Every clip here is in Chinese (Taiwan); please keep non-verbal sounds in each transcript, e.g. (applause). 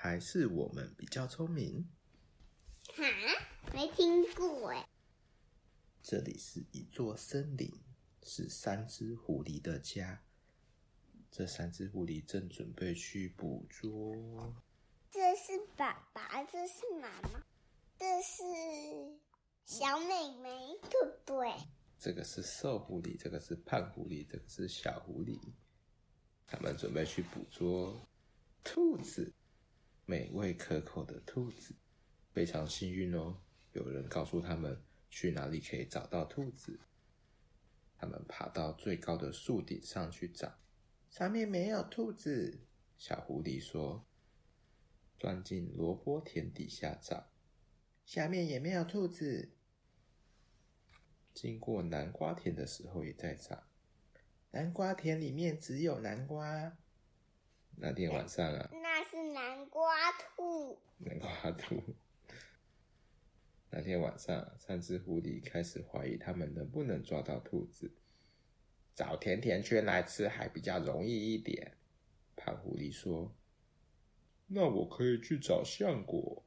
還是我們比較聰明？哈，沒聽過哎。這裡是一座森林，是三隻狐狸的家。這三隻狐狸正準備去捕捉。這是爸爸，這是媽媽，這是小妹妹，對不對？這個是瘦狐狸，這個是胖狐狸，這個是小狐狸。他們準備去捕捉兔子，美味可口的兔子。非常幸運哦，有人告訴他們去哪裡可以找到兔子。他們爬到最高的樹頂上去找，上面沒有兔子。小狐狸說：“鑽進蘿蔔田底下找，下面也沒有兔子。”經過南瓜田的時候，也在找。南瓜田裡面只有南瓜。那天晚上啊， (laughs) 那是南瓜兔。南瓜兔。 (laughs) 那天晚上啊，三隻狐狸開始懷疑他們能不能抓到兔子。找甜甜圈來吃還比較容易一點。胖狐狸說：“那我可以去找橡果。”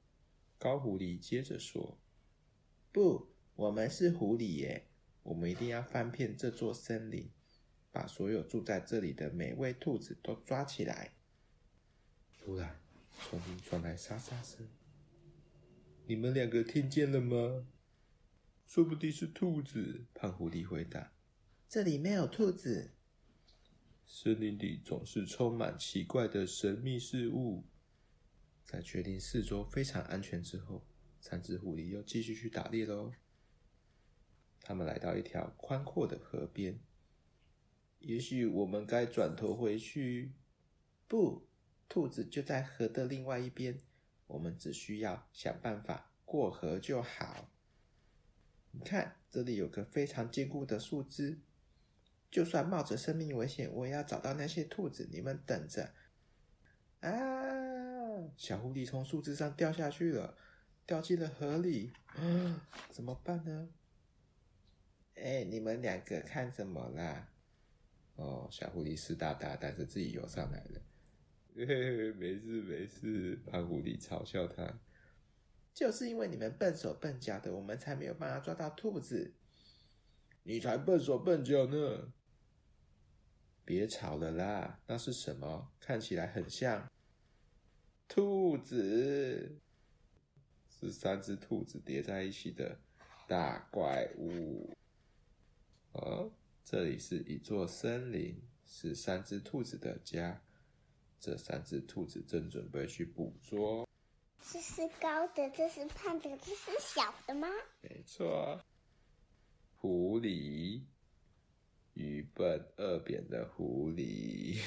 高狐狸接着說：“不。”我們是狐狸耶！我們一定要翻遍這座森林，把所有住在這裡的每位兔子都抓起來。突然，叢林傳來沙沙聲。你們兩個聽見了嗎？說不定是兔子。胖狐狸回答：“這裡沒有兔子。”森林裡總是充滿奇怪的神秘事物。在確定四周非常安全之後，三隻狐狸又繼續去打獵嘍。他們來到一條寬闊的河邊。也許我們該轉頭回去。不，兔子就在河的另外一邊。我們只需要想辦法過河就好。你看，這裡有個非常堅固的樹枝。就算冒着生命危險，我也要找到那些兔子。你們等着。啊！小狐狸從樹枝上掉下去了，掉進了河裡。怎麼辦呢？哎、欸，你們兩個看什麼啦？哦，小狐狸濕噠噠，但是自己游上來了。嘿嘿嘿，沒事沒事，胖狐狸嘲笑他，就是因為你們笨手笨腳的，我們才沒有辦法抓到兔子。你才笨手笨腳呢？別吵了啦！那是什麼？看起來很像兔子，是三隻兔子疊在一起的大怪物。呃、哦，這裡是一座森林，是三隻兔子的家。這三隻兔子正準備去捕捉。這是高的，這是胖的，這是小的嗎？沒錯。狐狸，愚笨二扁的狐狸。